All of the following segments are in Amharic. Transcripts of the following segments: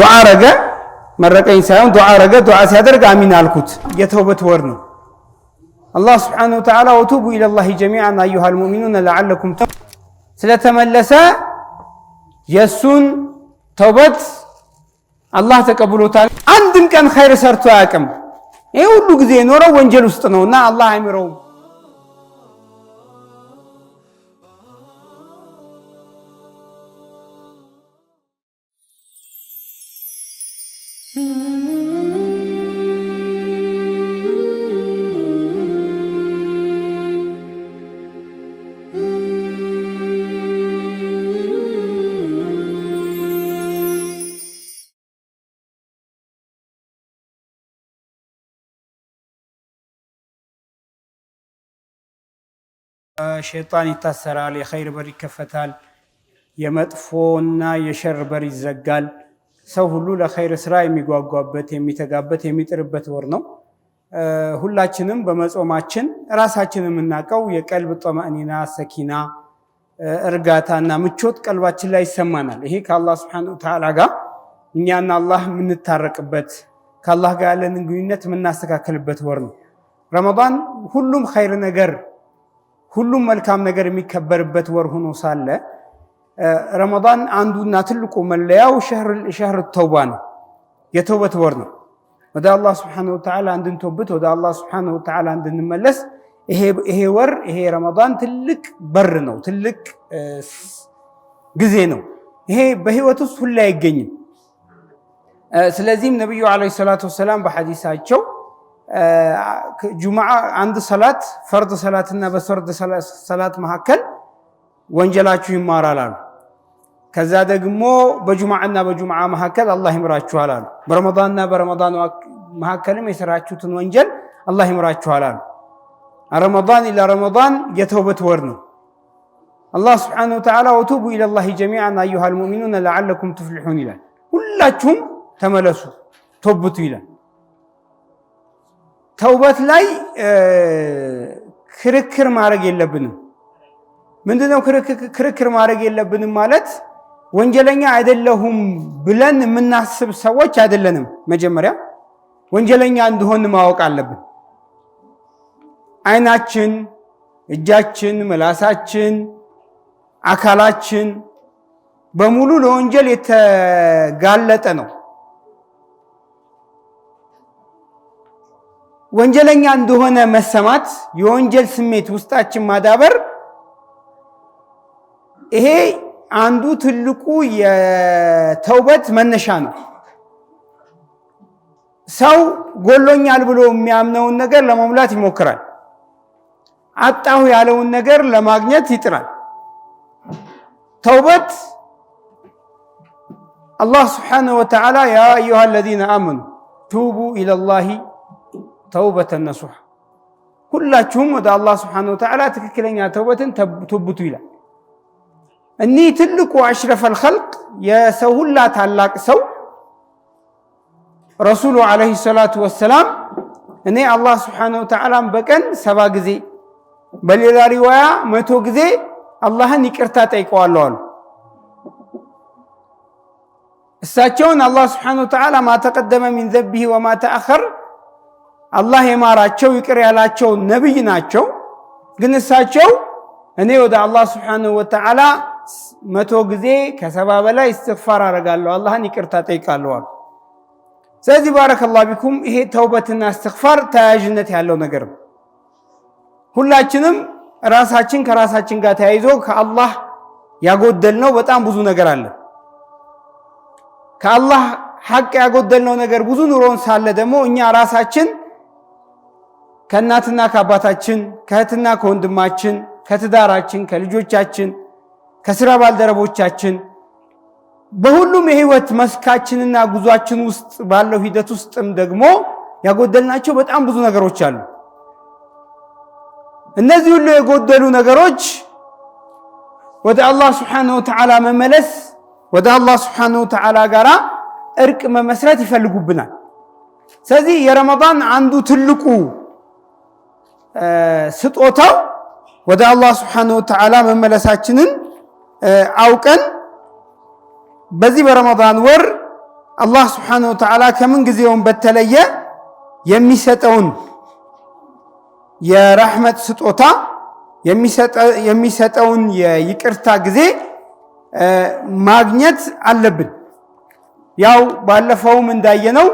ዱዓ አረገ መረቀኝ ሳይሆን ዱዓ አረገ። ዱዓ ሲያደርግ አሚን አልኩት። የተውበት ወር ነው። አላህ ስብሓነሁ ወተዓላ ወቱቡ ኢለላሂ ጀሚዓን አዩሃል ሙእሚኑነ ለዓለኩም ስለተመለሰ የእሱን ተውበት አላህ ተቀብሎታል። አንድም ቀን ኸይር ሰርቶ አያውቅም። ይህ ሁሉ ጊዜ የኖረው ወንጀል ውስጥ ነው እና አላህ አይምረውም። ሸይጣን ይታሰራል፣ የኸይር በር ይከፈታል፣ የመጥፎና የሸር በር ይዘጋል። ሰው ሁሉ ለኸይር ስራ የሚጓጓበት፣ የሚተጋበት፣ የሚጥርበት ወር ነው። ሁላችንም በመጾማችን ራሳችን የምናውቀው የቀልብ ጠመእኒና ሰኪና እርጋታ እና ምቾት ቀልባችን ላይ ይሰማናል። ይሄ ከአላህ ስብሐነሁ ተዓላ ጋር እኛና አላህ የምንታረቅበት ከአላህ ጋር ያለንን ግንኙነት የምናስተካከልበት ወር ነው። ረመዳን ሁሉም ኸይር ነገር ሁሉም መልካም ነገር የሚከበርበት ወር ሆኖ ሳለ ረመዳን አንዱና ትልቁ መለያው ሸህር ተውባ ነው። የተውበት ወር ነው። ወደ አላህ ስብሓነሁ ወተዓላ እንድንተውበት፣ ወደ አላህ ስብሓነሁ ወተዓላ እንድንመለስ ይሄ ወር ይሄ ረመዳን ትልቅ በር ነው። ትልቅ ጊዜ ነው። ይሄ በህይወት ውስጥ ሁሌ አይገኝም። ስለዚህም ነቢዩ ዓለይሂ ሰላቱ ወሰላም በሐዲሳቸው ጁምዓ አንድ ሰላት ፈርድ ሰላትና በፈርድ ሰላት መካከል ወንጀላችሁ ይማራል አሉ። ከዛ ደግሞ በጁምዓና በጁምዓ መካከል አላህ ይምራችኋል አሉ። በረመዳንና በረመዳን መካከልም የሰራችሁትን ወንጀል አላህ ይምራችኋል አሉ። ረመዳን ኢላ ረመዳን የተውበት ወር ነው። አላህ ስብሓነሁ ወተዓላ ወቱቡ ኢለላሂ ጀሚዓን አዩሃ ልሙእሚኑነ ለዓለኩም ትፍሊሑን ይላል። ሁላችሁም ተመለሱ ተውብቱ ይላል። ተውበት ላይ ክርክር ማድረግ የለብንም። ምንድነው ክርክር ማድረግ የለብንም ማለት ወንጀለኛ አይደለሁም ብለን የምናስብ ሰዎች አይደለንም። መጀመሪያ ወንጀለኛ እንደሆን ማወቅ አለብን። አይናችን፣ እጃችን፣ ምላሳችን፣ አካላችን በሙሉ ለወንጀል የተጋለጠ ነው። ወንጀለኛ እንደሆነ መሰማት፣ የወንጀል ስሜት ውስጣችን ማዳበር፣ ይሄ አንዱ ትልቁ የተውበት መነሻ ነው። ሰው ጎሎኛል ብሎ የሚያምነውን ነገር ለመሙላት ይሞክራል። አጣሁ ያለውን ነገር ለማግኘት ይጥራል። ተውበት አላህ ስብሓነሁ ወተዓላ ያ አዩሃ ለዚነ አመኑ ቱቡ ኢለላሂ ተውበተን ነሱሐ ሁላችሁም ወደ አላህ ስብሓነሁ ወተዓላ ትክክለኛ ተውበትን ትቡቱ ይላል። እኒህ ትልቁ አሽረፈል ኸልቅ የሰው ሁላ ታላቅ ሰው ረሱሉ ዓለይሂ ሰላቱ ወሰላም እኔ አላህ ስብሓነሁ ወተዓላን በቀን ሰባ ጊዜ በሌላ ሪዋያ መቶ ጊዜ አላህን ይቅርታ ጠይቀዋለሁ አሉ። እሳቸውን አላህ ስብሓነሁ ወተዓላ ማተቀደመ ሚን ዘቢሂ ወማተአኸር አላህ የማራቸው ይቅር ያላቸው ነቢይ ናቸው። ግን እሳቸው እኔ ወደ አላህ ስብሓንሁ ወተዓላ መቶ ጊዜ ከሰባ በላይ እስትግፋር አደርጋለሁ አላህን ይቅርታ ጠይቃለዋል። ስለዚህ ባረከላሁ ቢኩም ይሄ ተውበትና እስትግፋር ተያያዥነት ያለው ነገር ሁላችንም ራሳችን ከራሳችን ጋር ተያይዞ ከአላህ ያጎደልነው በጣም ብዙ ነገር አለ። ከአላህ ሐቅ ያጎደልነው ነገር ብዙ ኑሮን ሳለ ደግሞ እኛ ራሳችን ከእናትና ከአባታችን ከእህትና ከወንድማችን ከትዳራችን ከልጆቻችን ከስራ ባልደረቦቻችን በሁሉም የህይወት መስካችንና ጉዟችን ውስጥ ባለው ሂደት ውስጥም ደግሞ ያጎደልናቸው በጣም ብዙ ነገሮች አሉ። እነዚህ ሁሉ የጎደሉ ነገሮች ወደ አላህ ስብሓነሁ ወተዓላ መመለስ ወደ አላህ ስብሓነሁ ወተዓላ ጋር እርቅ መመስረት ይፈልጉብናል። ስለዚህ የረመዳን አንዱ ትልቁ ስጦታው ወደ አላህ ስብሓነሁ ወተዓላ መመለሳችንን አውቀን በዚህ በረመዳን ወር አላህ ስብሓነሁ ወተዓላ ከምን ጊዜውን በተለየ የሚሰጠውን የረህመት ስጦታ የሚሰጠውን የይቅርታ ጊዜ ማግኘት አለብን። ያው ባለፈውም እንዳየነው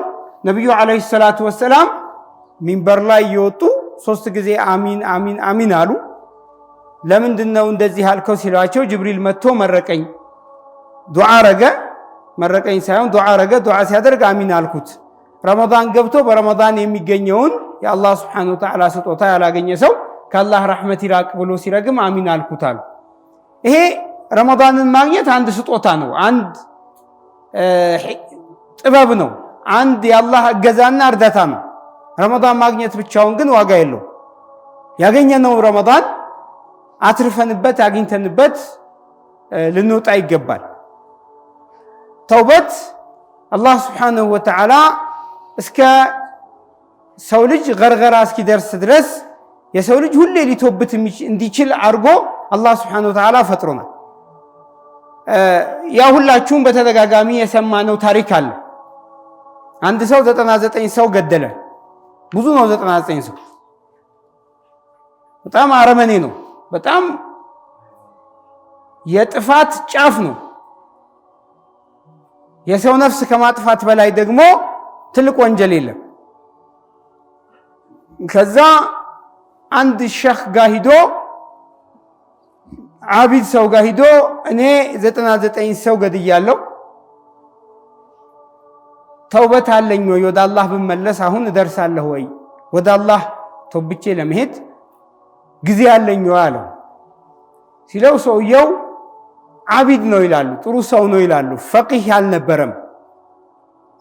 ነቢዩ ዓለይሂ ሰላቱ ወሰላም ሚንበር ላይ እየወጡ ሶስት ጊዜ አሚን አሚን አሚን አሉ። ለምንድን ነው እንደዚህ አልከው ሲሏቸው ጅብሪል መጥቶ መረቀኝ፣ ዱዓ ረገ። መረቀኝ ሳይሆን ዱዓ ረገ። ዱዓ ሲያደርግ አሚን አልኩት። ረመዳን ገብቶ በረመዳን የሚገኘውን የአላህ ስብሓነሁ ወተዓላ ስጦታ ያላገኘ ሰው ከአላህ ረሕመት ይራቅ ብሎ ሲረግም አሚን አልኩት አሉ። ይሄ ረመዳንን ማግኘት አንድ ስጦታ ነው፣ አንድ ጥበብ ነው፣ አንድ የአላህ እገዛና እርዳታ ነው። ረመዳን ማግኘት ብቻውን ግን ዋጋ የለው። ያገኘነው ረመዳን አትርፈንበት አግኝተንበት ልንወጣ ይገባል። ተውበት አላህ ስብሓንሁ ወተዓላ እስከ ሰው ልጅ ገርገራ እስኪደርስ ድረስ የሰው ልጅ ሁሌ ሊቶብት እንዲችል አድርጎ አላህ ስብሓንሁ ወተዓላ ፈጥሮናል። ያ ሁላችሁም በተደጋጋሚ የሰማነው ታሪክ አለ። አንድ ሰው ዘጠና ዘጠኝ ሰው ገደለ። ብዙ ነው። ዘጠና ዘጠኝ ሰው በጣም አረመኔ ነው። በጣም የጥፋት ጫፍ ነው። የሰው ነፍስ ከማጥፋት በላይ ደግሞ ትልቅ ወንጀል የለም። ከዛ አንድ ሸህ ጋር ሂዶ አቢድ ሰው ጋር ሂዶ እኔ ዘጠና ዘጠኝ ሰው ገድያለሁ ተውበት አለኝ ወይ? ወደ አላህ ብመለስ አሁን እደርሳለሁ ወይ? ወደ አላህ ተውብቼ ለመሄድ ጊዜ አለኝ ወይ አለው። ሲለው ሰውየው አቢድ ነው ይላሉ፣ ጥሩ ሰው ነው ይላሉ። ፈቂህ አልነበረም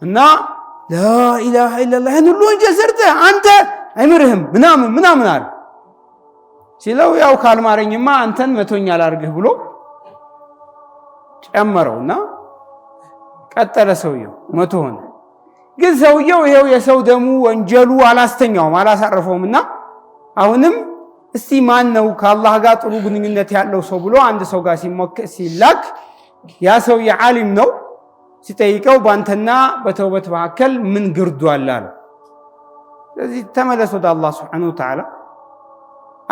እና ላኢላሃ ኢለላህ ይህን ሁሉ ወንጀል ሰርተህ አንተ አይምርህም ምናምን ምናምን አለ። ሲለው ያው ካልማረኝማ አንተን መቶኛ ላርግህ ብሎ ጨመረውና ቀጠለ። ሰውየው መቶ ሆነ። ግን ሰውየው ይኸው የሰው ደሙ ወንጀሉ አላስተኛውም አላሳረፈውም። እና አሁንም እስቲ ማን ነው ከአላህ ጋር ጥሩ ግንኙነት ያለው ሰው ብሎ አንድ ሰው ጋር ሲላክ ያ ሰው የዓሊም ነው። ሲጠይቀው በአንተና በተውበት መካከል ምን ግርዱ አለ አለ ስለዚህ ተመለስ ወደ አላህ ስብሓነሁ ወተዓላ።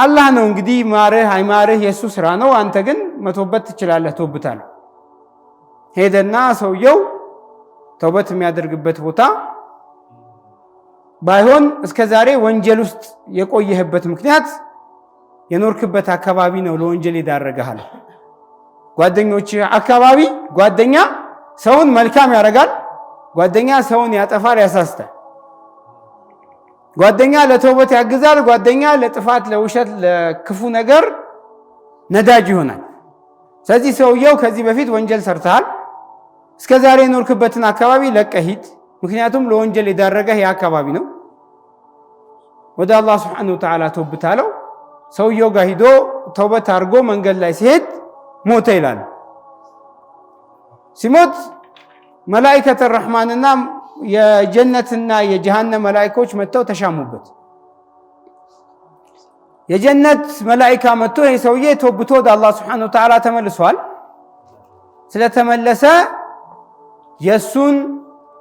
አላህ ነው እንግዲህ ማርህ አይማርህ የእሱ ስራ ነው። አንተ ግን መቶበት ትችላለህ፣ ተውብታል ሄደና ሰውየው ተውበት የሚያደርግበት ቦታ ባይሆን እስከ ዛሬ ወንጀል ውስጥ የቆየህበት ምክንያት የኖርክበት አካባቢ ነው ለወንጀል ይዳረግሃል። ጓደኞች አካባቢ ጓደኛ ሰውን መልካም ያደርጋል። ጓደኛ ሰውን ያጠፋል፣ ያሳስታል። ጓደኛ ለተውበት ያግዛል። ጓደኛ ለጥፋት፣ ለውሸት፣ ለክፉ ነገር ነዳጅ ይሆናል። ስለዚህ ሰውየው ከዚህ በፊት ወንጀል ሰርተሃል እስከ ዛሬ የኖርክበትን አካባቢ ለቀሂድ ምክንያቱም ለወንጀል የዳረገህ ያ አካባቢ ነው። ወደ አላህ ስብሓነሁ ወተዓላ ተውብት አለው። ሰውየው ጋር ሂዶ ተውበት አድርጎ መንገድ ላይ ሲሄድ ሞተ ይላል። ሲሞት መላኢከተ ረሕማንና የጀነትና የጀሃነም መላኢኮች መጥተው ተሻሙበት። የጀነት መላኢካ መጥቶ ይህ ሰውዬ ተውብቶ ወደ አላህ ስብሓነሁ ወተዓላ ተመልሷል። ስለተመለሰ የእሱን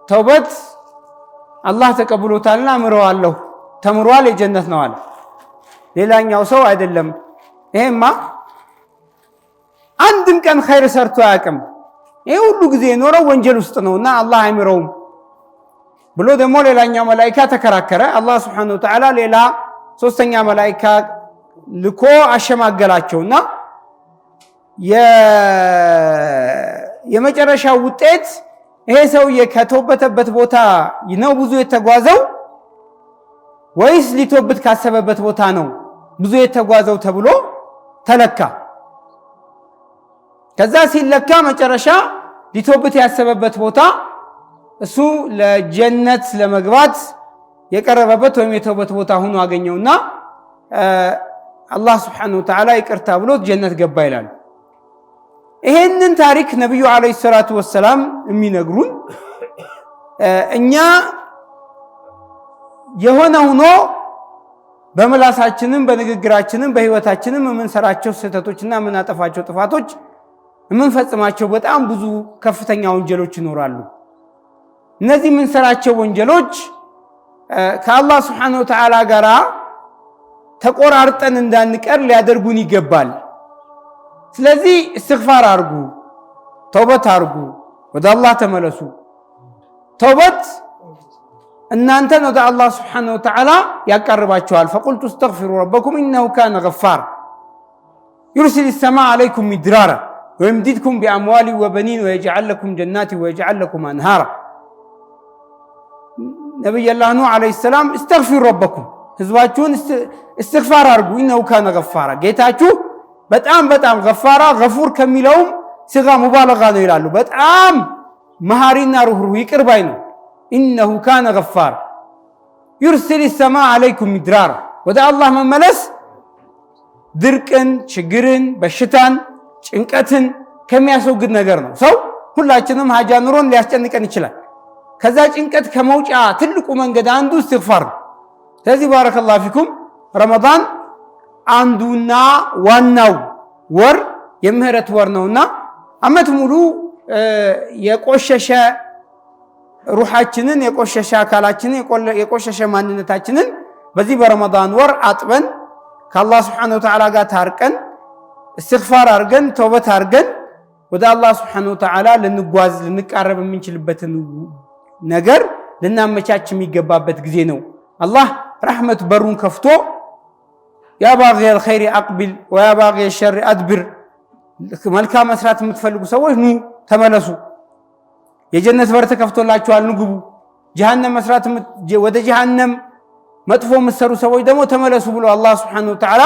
ተውበት አላህ ተቀብሎታልና አምረዋለሁ ተምሯል፣ የጀነት ነዋል። ሌላኛው ሰው አይደለም። ይሄማ አንድም ቀን ኸይር ሰርቶ አያውቅም፣ ይሄ ሁሉ ጊዜ የኖረው ወንጀል ውስጥ ነው እና አላህ አይምረውም ብሎ ደግሞ ሌላኛው መላኢካ ተከራከረ። አላህ ስብሓነሁ ወተዓላ ሌላ ሶስተኛ መላኢካ ልኮ አሸማገላቸውና የመጨረሻው ውጤት ይሄ ሰውዬ ከተወበተበት ቦታ ነው ብዙ የተጓዘው ወይስ ሊቶብት ካሰበበት ቦታ ነው ብዙ የተጓዘው ተብሎ ተለካ። ከዛ ሲለካ መጨረሻ ሊቶብት ያሰበበት ቦታ እሱ ለጀነት ለመግባት የቀረበበት ወይም የተውበት ቦታ ሆኖ አገኘውና አላህ ስብሓነሁ ወተዓላ ይቅርታ ብሎት ጀነት ገባ ይላል። ይሄንን ታሪክ ነቢዩ ዓለይሂ ሰላቱ ወሰላም የሚነግሩን እኛ የሆነ ሆኖ በምላሳችንም በንግግራችንም በህይወታችንም የምንሰራቸው ስህተቶችና የምናጠፋቸው ጥፋቶች የምንፈጽማቸው በጣም ብዙ ከፍተኛ ወንጀሎች ይኖራሉ። እነዚህ የምንሰራቸው ወንጀሎች ከአላህ ስብሓነሁ ወተዓላ ጋር ተቆራርጠን እንዳንቀር ሊያደርጉን ይገባል። ስለዚህ እስትግፋር አርጉ፣ ተውበት አርጉ፣ ወደ አላህ ተመለሱ። ተውበት እናንተን ወደ አላህ ስብሓነሁ ወተዓላ ያቀርባችኋል። ፈቁልቱ እስተግፊሩ ረበኩም ኢነሁ ካነ ገፋር ዩርሲል ሰማ ዓለይኩም ሚድራራ ወይምዲድኩም ቢአምዋሊ ወበኒን ወየጅዓል ለኩም ጀናቲ ወየጅዓል ለኩም አንሃራ። ነቢዩላህ ኑህ ዓለይሂ ሰላም እስተግፊሩ ረበኩም ህዝባችሁን እስትግፋር አርጉ፣ ኢነሁ ካነ ገፋራ ጌታችሁ በጣም በጣም ገፋራ ገፉር ከሚለውም ስጋ ሙባለጋ ነው ይላሉ። በጣም መሃሪና ሩህሩህ ይቅር ባይ ነው። ኢነሁ ካነ ገፋር ዩርሲል ሰማ አለይኩም ሚድራር ወደ አላህ መመለስ ድርቅን፣ ችግርን፣ በሽታን፣ ጭንቀትን ከሚያስወግድ ነገር ነው። ሰው ሁላችንም ሀጃ ኑሮን ሊያስጨንቀን ይችላል። ከዛ ጭንቀት ከመውጫ ትልቁ መንገድ አንዱ እስትግፋር ነው። ስለዚህ ባረከላሁ ፊኩም ረመዳን አንዱና ዋናው ወር የምህረት ወር ነውና አመት ሙሉ የቆሸሸ ሩሓችንን የቆሸሸ አካላችንን የቆሸሸ ማንነታችንን በዚህ በረመዳን ወር አጥበን ከአላህ ስብሓነ ወተዓላ ጋር ታርቀን እስትግፋር አርገን ተውበት አርገን ወደ አላህ ስብሓነ ወተዓላ ልንጓዝ ልንቃረብ የምንችልበትን ነገር ልናመቻች የሚገባበት ጊዜ ነው። አላህ ረሕመት በሩን ከፍቶ ያ ባጊየል ኸይሪ አቅቢል ወያ ባጊየል ሸሪ አድብር። መልካም መስራት የምትፈልጉ ሰዎች ኑ ተመለሱ፣ የጀነት በር ተከፍቶላችኋል፣ ንግቡ። ጀሃነም መስራት ወደ ጀሃነም መጥፎ የምትሰሩ ሰዎች ደግሞ ተመለሱ ብሎ አላህ ስብሓነሁ ወተዓላ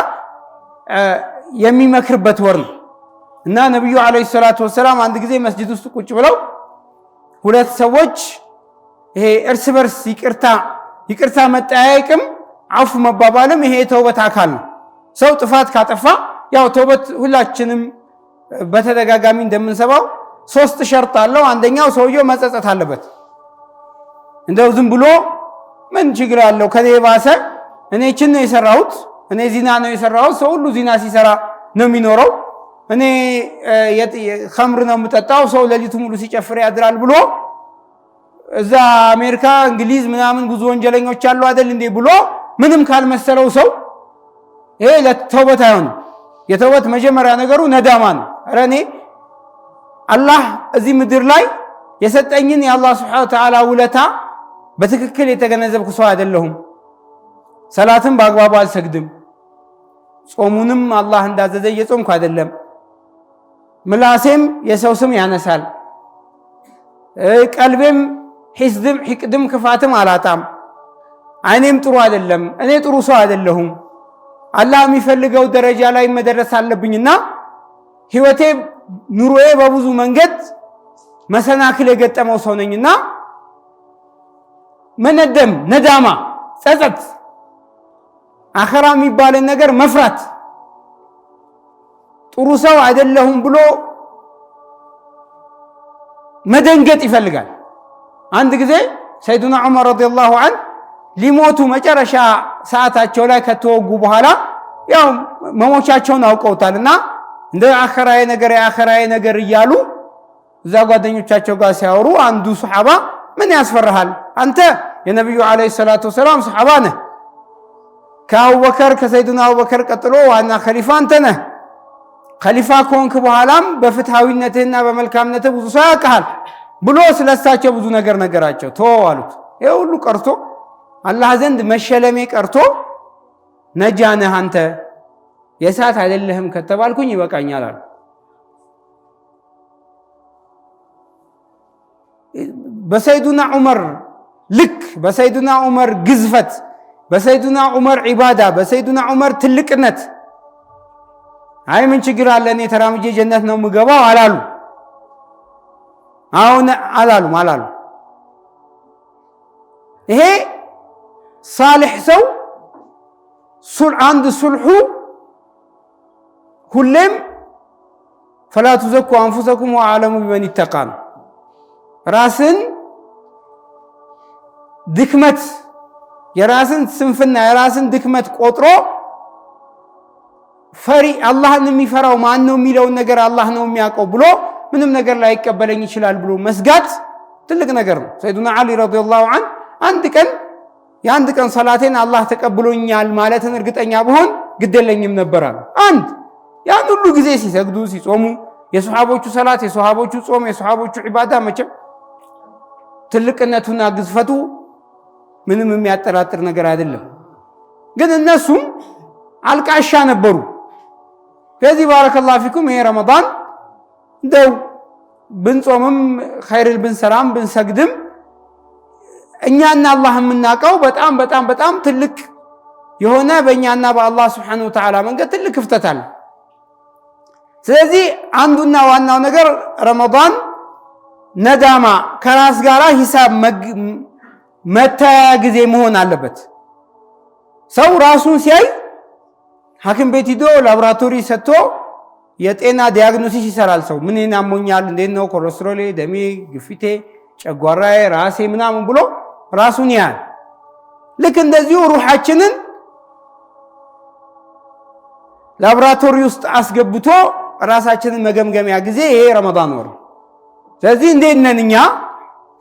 የሚመክርበት ወር ነው እና ነቢዩ ዓለይሂ ሰላቱ ወሰላም አንድ ጊዜ መስጅድ ውስጥ ቁጭ ብለው ሁለት ሰዎች ይሄ እርስ በርስ ይቅርታ ይቅርታ መጠያየቅም አፉ መባባልም ይሄ የተውበት አካል ነው። ሰው ጥፋት ካጠፋ ያው ተውበት ሁላችንም በተደጋጋሚ እንደምንሰባው ሶስት ሸርጥ አለው። አንደኛው ሰውየው መጸጸት አለበት። እንደው ዝም ብሎ ምን ችግር አለው ከኔ ባሰ እኔ ችን ነው የሰራሁት፣ እኔ ዚና ነው የሰራሁት። ሰው ሁሉ ዚና ሲሰራ ነው የሚኖረው። እኔ ከምር ነው የምጠጣው፣ ሰው ሌሊቱ ሙሉ ሲጨፍር ያድራል ብሎ እዛ አሜሪካ፣ እንግሊዝ ምናምን ብዙ ወንጀለኞች አሉ አይደል እንዴ ብሎ ምንም ካልመሰለው ሰው ይሄ ለተውበት አይሆንም። የተውበት መጀመሪያ ነገሩ ነዳማ ነው። ኧረ እኔ አላህ እዚህ ምድር ላይ የሰጠኝን የአላህ ስብሓነሁ ወተዓላ ውለታ በትክክል የተገነዘብኩ ሰው አይደለሁም። ሰላትም በአግባቡ አልሰግድም። ጾሙንም አላህ እንዳዘዘ እየጾምኩ አይደለም። ምላሴም የሰው ስም ያነሳል። ቀልቤም ሒስድም ሒቅድም ክፋትም አላጣም። እኔም ጥሩ አይደለም፣ እኔ ጥሩ ሰው አይደለሁም፣ አላህ የሚፈልገው ደረጃ ላይ መደረስ አለብኝና ህይወቴ፣ ኑሮዬ በብዙ መንገድ መሰናክል የገጠመው ሰው ነኝና መነደም፣ ነዳማ፣ ጸጸት፣ አኸራ የሚባልን ነገር መፍራት ጥሩ ሰው አይደለሁም ብሎ መደንገጥ ይፈልጋል። አንድ ጊዜ ሰይዱና ዑመር ረዲየላሁ አንሁ ሊሞቱ መጨረሻ ሰዓታቸው ላይ ከተወጉ በኋላ ያው መሞቻቸውን አውቀውታል እና እንደ አኸራዬ ነገር የአኸራዬ ነገር እያሉ እዛ ጓደኞቻቸው ጋር ሲያወሩ አንዱ ሰሓባ ምን ያስፈርሃል? አንተ የነቢዩ ዓለይሂ ሰላቱ ወሰላም ሰሓባ ነህ። ከአቡበከር ከሰይድና አቡበከር ቀጥሎ ዋና ከሊፋ አንተ ነህ። ከሊፋ ከሆንክ በኋላም በፍትሐዊነትህና በመልካምነትህ ብዙ ሰው ያውቅሃል ብሎ ስለሳቸው ብዙ ነገር ነገራቸው። ተወው አሉት። ይህ ሁሉ ቀርቶ አላህ ዘንድ መሸለሜ ቀርቶ ነጃ ነህ አንተ የእሳት አይደለህም ከተባልኩኝ ይበቃኛል አሉ። በሰይዱና ዑመር ልክ በሰይዱና ዑመር ግዝፈት፣ በሰይዱና ዑመር ዒባዳ፣ በሰይዱና ዑመር ትልቅነት አይ ምን ችግር አለ እኔ ተራምጄ ጀነት ነው የምገባው አላሉ። አሁን አላሉም አላሉ ይሄ ሳልሕ ሰው አንድ ሱልሑ ሁሌም ፈላ ቱዘኩ አንፉሰኩም ወአዕለሙ ቢመን ይተቃ ነው። ራስን ድክመት የራስን ስንፍና የራስን ድክመት ቆጥሮ ፈሪ አላህን የሚፈራው ማን ነው የሚለውን ነገር አላህ ነው የሚያውቀው ብሎ ምንም ነገር ላይቀበለኝ ይችላል ብሎ መስጋት ትልቅ ነገር ነው። ሰይዱና ዓሊ ረዲየላሁ ዐንሁ አንድ ቀን የአንድ ቀን ሰላቴን አላህ ተቀብሎኛል ማለትን እርግጠኛ ብሆን ግደለኝም ነበር አሉ። አንድ ያን ሁሉ ጊዜ ሲሰግዱ ሲጾሙ፣ የሰሃቦቹ ሰላት፣ የሰሃቦቹ ጾም፣ የሰሃቦቹ ዒባዳ መቼም ትልቅነቱና ግዝፈቱ ምንም የሚያጠራጥር ነገር አይደለም። ግን እነሱም አልቃሻ ነበሩ። ከዚህ ባረከላሁ ፊኩም ይሄ ረመዳን እንደው ብንጾምም ኸይርን ብንሰራም ብንሰግድም እኛና አላህ የምናውቀው በጣም በጣም በጣም ትልቅ የሆነ በእኛና በአላህ ስብሓነሁ ወተዓላ መንገድ ትልቅ ክፍተት አለ። ስለዚህ አንዱና ዋናው ነገር ረመዳን ነዳማ ከራስ ጋር ሂሳብ መታያ ጊዜ መሆን አለበት። ሰው ራሱን ሲያይ ሐኪም ቤት ሂዶ ላቦራቶሪ ሰጥቶ የጤና ዲያግኖሲስ ይሰራል። ሰው ምን ናሞኛል፣ እንዴት ነው ኮሌስትሮሌ፣ ደሜ፣ ግፊቴ፣ ጨጓራዬ፣ ራሴ ምናምን ብሎ ራሱን ያህል ልክ እንደዚሁ ሩሓችንን ላቦራቶሪ ውስጥ አስገብቶ ራሳችንን መገምገሚያ ጊዜ ይሄ ረመዳን ወር። ስለዚህ እንዴት ነን እኛ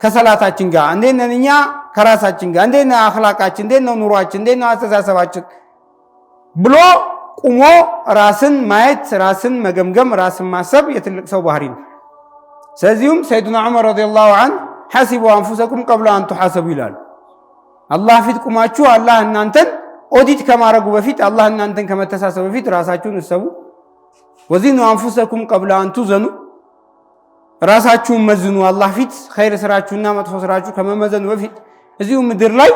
ከሰላታችን ጋር፣ እንዴት ነን እኛ ከራሳችን ጋር፣ እንዴት ነው አኽላቃችን፣ እንዴት ነው ኑሯችን፣ እንዴት ነው አስተሳሰባችን ብሎ ቁሞ ራስን ማየት፣ ራስን መገምገም፣ ራስን ማሰብ የትልቅ ሰው ባህሪ ነው። ስለዚሁም ሰይዱና ዑመር ረዲየላሁ ዐንሁ ሐሲቡ አንፉሰኩም ቀብለ አንቱ ሐሰቡ ይላል። አላህ ፊት ቁማችሁ አላህ እናንተን ኦዲት ከማድረጉ በፊት አላህ እናንተን ከመተሳሰቡ በፊት ራሳችሁን እሰቡ። ወዚኑ አንፉሰኩም ቀብለ አንቱ ዘኑ ራሳችሁን መዝኑ። አላህ ፊት ኸይር ስራችሁና መጥፎ ስራችሁ ከመመዘኑ በፊት እዚሁ ምድር ላይ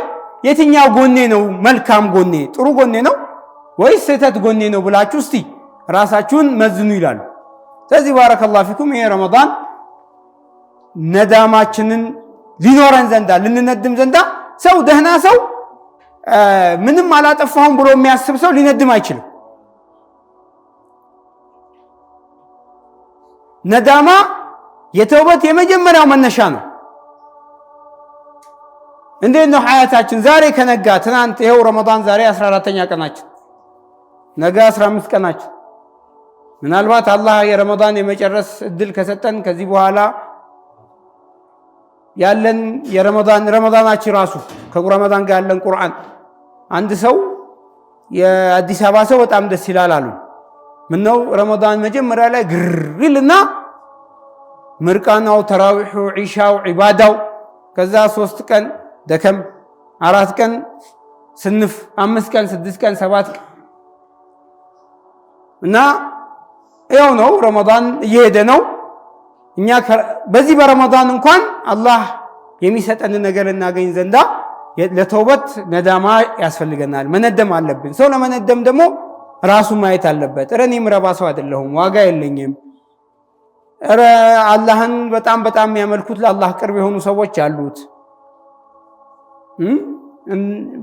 የትኛው ጎኔ ነው መልካም ጎኔ፣ ጥሩ ጎኔ ነው ወይስ ስህተት ጎኔ ነው ብላችሁ እስቲ ራሳችሁን መዝኑ ይላሉ። ስለዚህ ባረከላሁ ፊኩም ይሄ ረመዳን ነዳማችንን ሊኖረን ዘንዳ ልንነድም ዘንዳ ሰው ደህና ሰው ምንም አላጠፋሁም ብሎ የሚያስብ ሰው ሊነድም አይችልም። ነዳማ የተውበት የመጀመሪያው መነሻ ነው። እንዴት ነው ሀያታችን? ዛሬ ከነጋ ትናንት፣ ይኸው ረመዳን ዛሬ 14ተኛ ቀናችን፣ ነገ 15 ቀናችን። ምናልባት አላህ የረመዳን የመጨረስ እድል ከሰጠን ከዚህ በኋላ ያለን የረመዳን ረመዳናችን ራሱ ከረመዳን ጋር ያለን ቁርአን አንድ ሰው የአዲስ አበባ ሰው በጣም ደስ ይላል አሉ። ምነው ረመዳን መጀመሪያ ላይ ግርልና ምርቃናው፣ ተራዊሑ፣ ዒሻው፣ ዒባዳው ከዛ ሶስት ቀን ደከም፣ አራት ቀን ስንፍ፣ አምስት ቀን፣ ስድስት ቀን፣ ሰባት ቀን እና ያው ነው ረመዳን እየሄደ ነው። እኛ በዚህ በረመዳን እንኳን አላህ የሚሰጠን ነገር እናገኝ ዘንዳ ለተውበት ነዳማ ያስፈልገናል። መነደም አለብን። ሰው ለመነደም ደግሞ ራሱ ማየት አለበት። እረ እኔ ምረባ ሰው አይደለሁም፣ ዋጋ የለኝም። እረ አላህን በጣም በጣም የሚያመልኩት ለአላህ ቅርብ የሆኑ ሰዎች አሉት።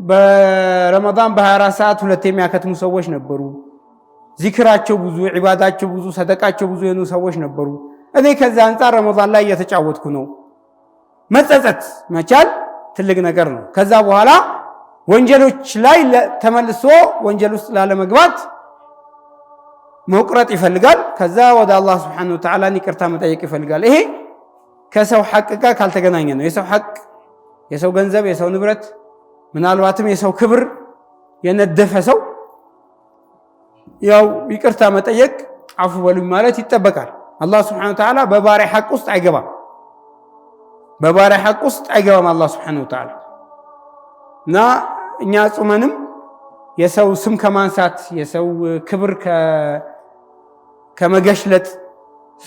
በረመዳን በ24 ሰዓት ሁለቴ የሚያከትሙ ሰዎች ነበሩ። ዚክራቸው ብዙ፣ ዒባዳቸው ብዙ፣ ሰደቃቸው ብዙ የሆኑ ሰዎች ነበሩ። እኔ ከዛ አንጻር ረመዳን ላይ እየተጫወትኩ ነው። መጸጸት መቻል ትልቅ ነገር ነው። ከዛ በኋላ ወንጀሎች ላይ ተመልሶ ወንጀል ውስጥ ላለመግባት መቁረጥ ይፈልጋል። ከዛ ወደ አላህ ስብሓነሁ ወተዓላ ይቅርታ መጠየቅ ይፈልጋል። ይሄ ከሰው ሐቅ ጋር ካልተገናኘ ነው። የሰው ሐቅ፣ የሰው ገንዘብ፣ የሰው ንብረት፣ ምናልባትም የሰው ክብር የነደፈ ሰው ያው ይቅርታ መጠየቅ አፉ በሉኝ ማለት ይጠበቃል። አላህ ስብሐነ ወተዓላ በባሪያ ሐቅ ውስጥ አይገባም። በባሪያ ሐቅ ውስጥ አይገባም አላህ ስብሐነ ወተዓላ እና እኛ ጾመንም የሰው ስም ከማንሳት የሰው ክብር ከመገሽለጥ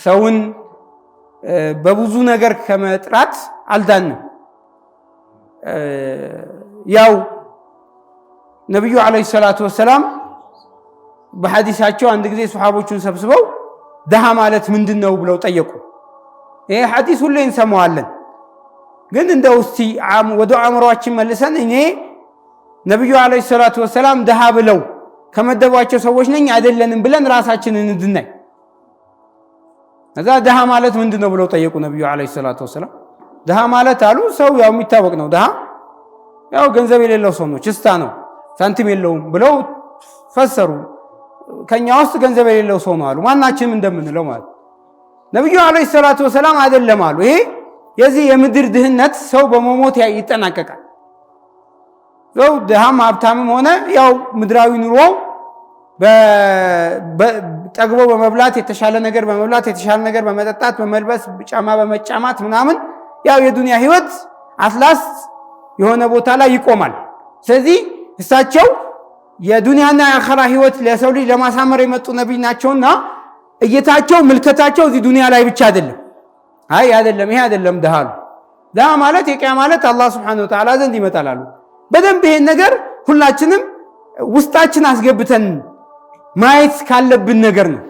ሰውን በብዙ ነገር ከመጥራት አልዳንም። ያው ነቢዩ ዓለይሂ ሰላቱ ወሰላም በሐዲሳቸው አንድ ጊዜ ሰሓቦቹን ሰብስበው ድሃ ማለት ምንድን ነው ብለው ጠየቁ። ይህ ሐዲስ ሁሌ እንሰማዋለን፣ ግን እንደ ውስቲ ወደ አእምሯችን መልሰን እኔ ነቢዩ ዓለይሂ ሰላቱ ወሰላም ድሃ ብለው ከመደቧቸው ሰዎች ነኝ አይደለንም ብለን ራሳችን እንድናይ። እዛ ድሃ ማለት ምንድን ነው ብለው ጠየቁ ነቢዩ ዓለይሂ ሰላቱ ወሰላም። ድሃ ማለት አሉ ሰው ያው የሚታወቅ ነው ድሃ ያው ገንዘብ የሌለው ሰው ነው፣ ችስታ ነው፣ ሳንቲም የለውም ብለው ፈሰሩ። ከኛ ውስጥ ገንዘብ የሌለው ሰው ነው አሉ። ማናችንም እንደምንለው ማለት ነቢዩ አለይሂ ሰላቱ ወሰላም አይደለም አሉ። ይሄ የዚህ የምድር ድህነት ሰው በመሞት ይጠናቀቃል። ሰው ድሃም ሀብታምም ሆነ ያው ምድራዊ ኑሮ ጠግቦ በመብላት የተሻለ ነገር በመብላት የተሻለ ነገር በመጠጣት በመልበስ ጫማ በመጫማት ምናምን ያው የዱንያ ህይወት አትላስ የሆነ ቦታ ላይ ይቆማል። ስለዚህ እሳቸው የዱንያና የአኸራ ህይወት ለሰው ልጅ ለማሳመር የመጡ ነቢይ ናቸውና እይታቸው ምልከታቸው እዚህ ዱንያ ላይ ብቻ አይደለም። አይ አይደለም፣ ይሄ አይደለም ድሃሉ ዳ ማለት የቅያ ማለት አላህ ስብሐነሁ ወተዓላ ዘንድ ይመጣላሉ። በደንብ ይሄን ነገር ሁላችንም ውስጣችን አስገብተን ማየት ካለብን ነገር ነው።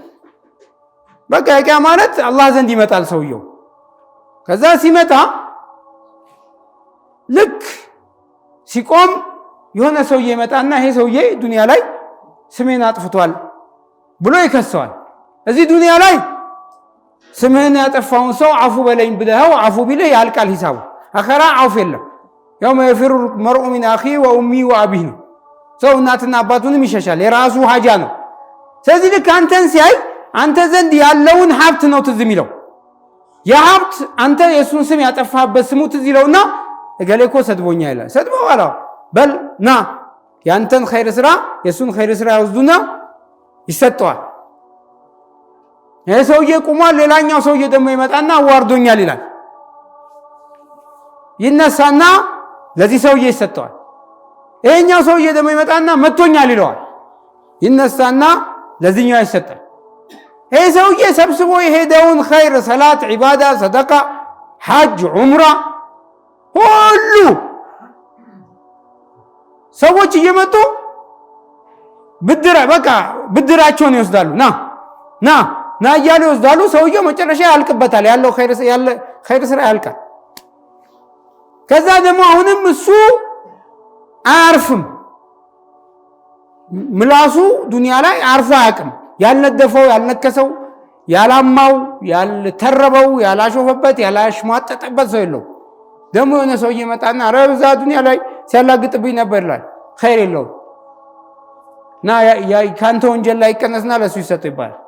በቃ የቅያ ማለት አላህ ዘንድ ይመጣል ሰውየው። ከዛ ሲመጣ ልክ ሲቆም የሆነ ሰውዬ ይመጣና ይሄ ሰውዬ ዱንያ ላይ ስሜን አጥፍቷል ብሎ ይከሰዋል። እዚህ ዱንያ ላይ ስምህን ያጠፋውን ሰው አፉ በለኝ ብለኸው አፉ ቢልህ ያልቃል ሂሳቡ። አኸራ አውፍ የለም። የውመ የፊሩ መርኡ ሚን አኺ ወኡሚ ወአቢህ ነው። ሰው እናትና አባቱንም ይሸሻል። የራሱ ሀጃ ነው። ስለዚህ ልክ አንተን ሲያይ አንተ ዘንድ ያለውን ሀብት ነው ትዝ የሚለው። የሀብት አንተ የእሱን ስም ያጠፋበት ስሙ ትዝ ይለውና እገሌ እኮ ሰድቦኛ ይላል። ሰድቦ በል ና ያንተን ኸይር ስራ የእሱን ኸይር ስራ ያወስዱና ይሰጠዋል። ይህ ሰውዬ ቁሟል፣ ሌላኛው ሰውዬ ደግሞ ይመጣና ዋርዶኛል ይላል። ይነሳና ለዚህ ሰውዬ ይሰጠዋል። ይሄኛው ሰውዬ ደግሞ ይመጣና መቶኛል ይለዋል። ይነሳና ለዚህኛው ይሰጣል። ይህ ሰውዬ ሰብስቦ የሄደውን ኸይር ሰላት፣ ዒባዳ፣ ሰደቃ፣ ሐጅ፣ ዑምራ ሁሉ ሰዎች እየመጡ ብድራ በቃ ብድራቸውን ይወስዳሉ። ና ና ና እያሉ ይወስዳሉ። ሰውየው መጨረሻ ያልቅበታል። ያለው ኸይር ስራ ያልቃል። ከዛ ደግሞ አሁንም እሱ አያርፍም። ምላሱ ዱንያ ላይ አርፎ አያውቅም። ያልነደፈው፣ ያልነከሰው፣ ያላማው፣ ያልተረበው፣ ያላሾፈበት፣ ያላሽሟጠጠበት ሰው የለው። ደግሞ የሆነ ሰው እየመጣና ረብዛ ዱንያ ላይ ሲያላግጥብኝ ነበር ይላል። ኸይር የለውም እና ከአንተ ወንጀል ላይ ይቀነስና ለእሱ ይሰጡ ይባላል።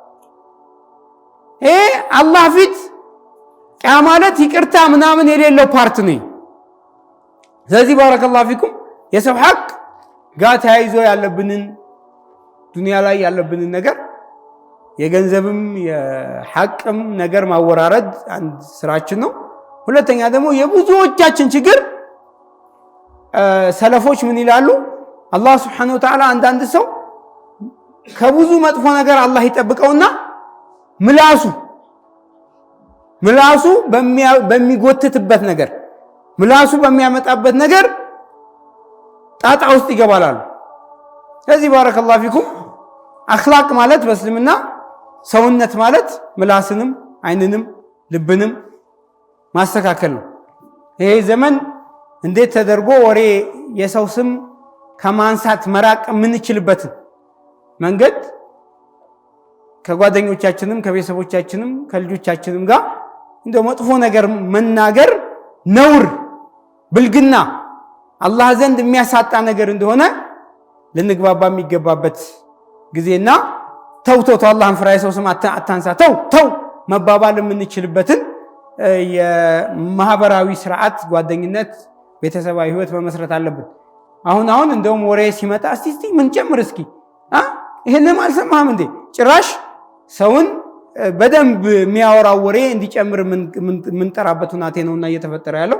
ይሄ አላህ ፊት ቂያ ማለት ይቅርታ ምናምን የሌለው ፓርት ነኝ። ስለዚህ ባረከላሁ ፊኩም የሰው ሐቅ ጋ ተያይዞ ያለብንን ዱንያ ላይ ያለብንን ነገር የገንዘብም የሐቅም ነገር ማወራረድ አንድ ስራችን ነው። ሁለተኛ ደግሞ የብዙዎቻችን ችግር ሰለፎች ምን ይላሉ? አላህ ስብሓነሁ ወተዓላ አንዳንድ ሰው ከብዙ መጥፎ ነገር አላህ ይጠብቀውና ምላሱ ምላሱ በሚጎትትበት ነገር ምላሱ በሚያመጣበት ነገር ጣጣ ውስጥ ይገባላሉ። ስለዚህ ባረከላሁ ፊኩም አክላቅ ማለት በእስልምና ሰውነት ማለት ምላስንም አይንንም ልብንም ማስተካከል ነው። ይሄ ዘመን እንዴት ተደርጎ ወሬ የሰው ስም ከማንሳት መራቅ የምንችልበትን መንገድ ከጓደኞቻችንም ከቤተሰቦቻችንም ከልጆቻችንም ጋር እንደ መጥፎ ነገር መናገር ነውር፣ ብልግና፣ አላህ ዘንድ የሚያሳጣ ነገር እንደሆነ ልንግባባ የሚገባበት ጊዜና ተው ተው ተው አላህን ፍራ፣ የሰው ስም አታንሳ፣ ተው ተው መባባል የምንችልበትን የማህበራዊ ስርዓት ጓደኝነት ቤተሰባዊ ህይወት መመስረት አለብን። አሁን አሁን እንደውም ወሬ ሲመጣ እስቲ እስቲ ምን ጨምር እስኪ ይህንም አልሰማህም እንዴ? ጭራሽ ሰውን በደንብ የሚያወራው ወሬ እንዲጨምር የምንጠራበት ሁናቴ ነውና እየተፈጠረ ያለው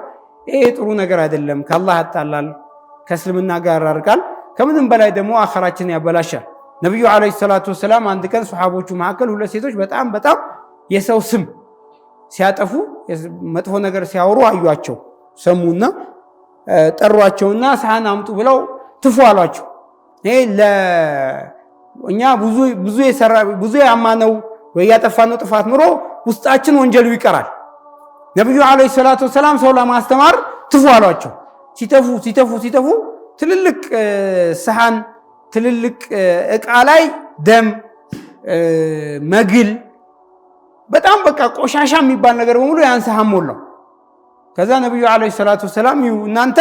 ይሄ ጥሩ ነገር አይደለም። ከአላህ ያጣላል፣ ከእስልምና ጋር ያርቃል፣ ከምንም በላይ ደግሞ አኸራችን ያበላሻል። ነቢዩ ዓለይሂ ሰላቱ ወሰላም አንድ ቀን ሰሓቦቹ መካከል ሁለት ሴቶች በጣም በጣም የሰው ስም ሲያጠፉ መጥፎ ነገር ሲያወሩ አዩቸው ሰሙና ጠሯቸውና ሰሃን አምጡ ብለው ትፉ አሏቸው። እኛ ብዙ ያማነው ወይ ያጠፋነው ጥፋት ኑሮ ውስጣችን ወንጀሉ ይቀራል። ነቢዩ ዓለይሂ ሰላቱ ወሰላም ሰው ለማስተማር ትፉ አሏቸው። ሲተፉ ሲተፉ ሲተፉ ትልልቅ ሰሃን ትልልቅ እቃ ላይ ደም መግል፣ በጣም በቃ ቆሻሻ የሚባል ነገር በሙሉ ያን ሰሃን ሞላው። ከዛ ነቢዩ ዓለይሂ ሰላቱ ወሰላም እናንተ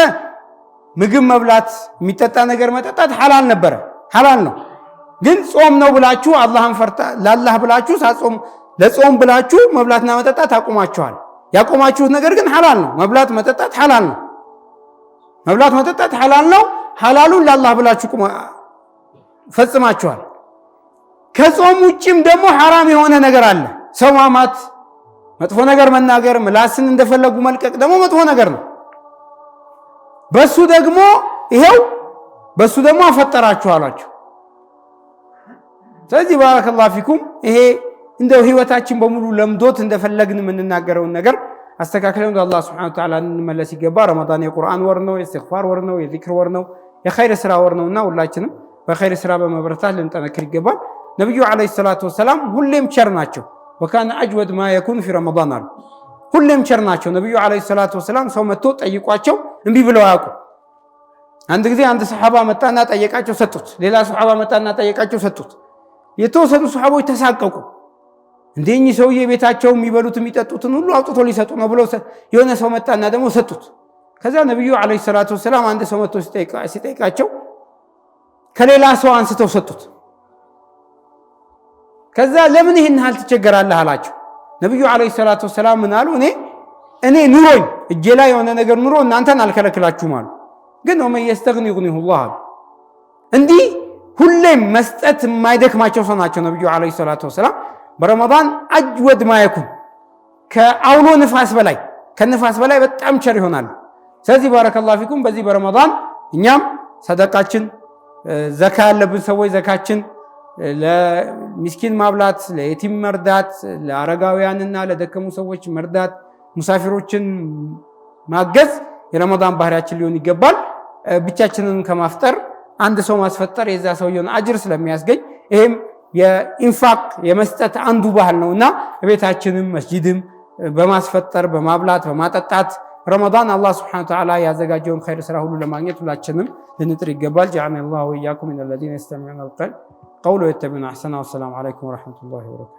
ምግብ መብላት የሚጠጣ ነገር መጠጣት ሐላል ነበረ፣ ሐላል ነው። ግን ጾም ነው ብላችሁ አላህን ፈርታ ለአላህ ብላችሁ ሳጾም ለጾም ብላችሁ መብላትና መጠጣት አቁማችኋል። ያቆማችሁት ነገር ግን ሐላል ነው። መብላት መጠጣት ሐላል ነው። መብላት መጠጣት ሐላል ነው። ሐላሉን ለአላህ ብላችሁ ፈጽማችኋል። ከጾም ውጭም ደግሞ ሐራም የሆነ ነገር አለ ሰው ማማት መጥፎ ነገር መናገር፣ ምላስን እንደፈለጉ መልቀቅ ደግሞ መጥፎ ነገር ነው። በሱ ደግሞ ይሄው በሱ ደግሞ አፈጠራችሁ አላችሁ። ስለዚህ ባረከላሁ ፊኩም ይሄ እንደው ህይወታችን በሙሉ ለምዶት እንደፈለግን የምንናገረውን ነገር አስተካክለን ወደ አላህ ስብሐነሁ ወተዓላ እንመለስ ይገባ። ረመዳን የቁርአን ወር ነው፣ የእስትግፋር ወር ነው፣ የዚክር ወር ነው፣ የኸይር ስራ ወር ነው እና ሁላችንም በኸይር ስራ በመበረታት ልንጠነክር ይገባል። ነቢዩ ዓለይሂ ሰላቱ ወሰላም ሁሌም ቸር ናቸው። ወካነ አጅወድ ማ የኩን ፊ ረመዳን አሉ። ሁሌም ቸር ናቸው ነቢዩ ዓለይሂ ሰላቱ ወሰላም። ሰው መጥቶ ጠይቋቸው እምቢ ብለው አያውቁ። አንድ ጊዜ አንድ ሰሓባ መጣና ጠየቃቸው ሰጡት። ሌላ ሰሓባ መጣና ጠየቃቸው ሰጡት። የተወሰኑ ሰሓቦች ተሳቀቁ። እንደ ሰውዬ ቤታቸው የሚበሉት የሚጠጡትን ሁሉ አውጥቶ ሊሰጡ ነው ብለው የሆነ ሰው መጣና ደግሞ ሰጡት። ከዛ ነቢዩ ዓለይሂ ሰላቱ ወሰላም አንድ ሰው መጥቶ ሲጠይቃቸው ከሌላ ሰው አንስተው ሰጡት። ከዛ ለምን ይህን ያህል ትቸገራለህ አላቸው። ነቢዩ ዓለይሂ ሰላቱ ወሰላም ምን አሉ? እኔ እኔ ኑሮኝ እጄ ላይ የሆነ ነገር ኑሮ እናንተን አልከለክላችሁም አሉ። ግን ወመን የስተግኒ ዩግኒሁ አሉ። እንዲህ ሁሌም መስጠት የማይደክማቸው ሰው ናቸው ነቢዩ ዓለይሂ ሰላቱ ወሰላም። በረመዳን አጅወድ ማየኩም ከአውሎ ንፋስ በላይ ከንፋስ በላይ በጣም ቸር ይሆናሉ። ስለዚህ ባረከላሁ ፊኩም በዚህ በረመዳን እኛም ሰደቃችን ዘካ ያለብን ሰዎች ዘካችን ለሚስኪን ማብላት፣ ለየቲም መርዳት፣ ለአረጋውያንና ለደከሙ ሰዎች መርዳት፣ ሙሳፊሮችን ማገዝ የረመዳን ባህሪያችን ሊሆን ይገባል። ብቻችንን ከማፍጠር አንድ ሰው ማስፈጠር የዛ ሰውየውን አጅር ስለሚያስገኝ ይህም የኢንፋቅ የመስጠት አንዱ ባህል ነው እና ቤታችንም መስጂድም በማስፈጠር በማብላት በማጠጣት ረመዳን አላህ ስብሐነሁ ወተዓላ ያዘጋጀውን ኸይር ስራ ሁሉ ለማግኘት ሁላችንም ልንጥር ይገባል። ጀዐለና ላሁ ወኢያኩም ሚነ ለዚነ የስተሚዑነ قولوا يتبعون أحسنه والسلام عليكم ورحمة الله وبركاته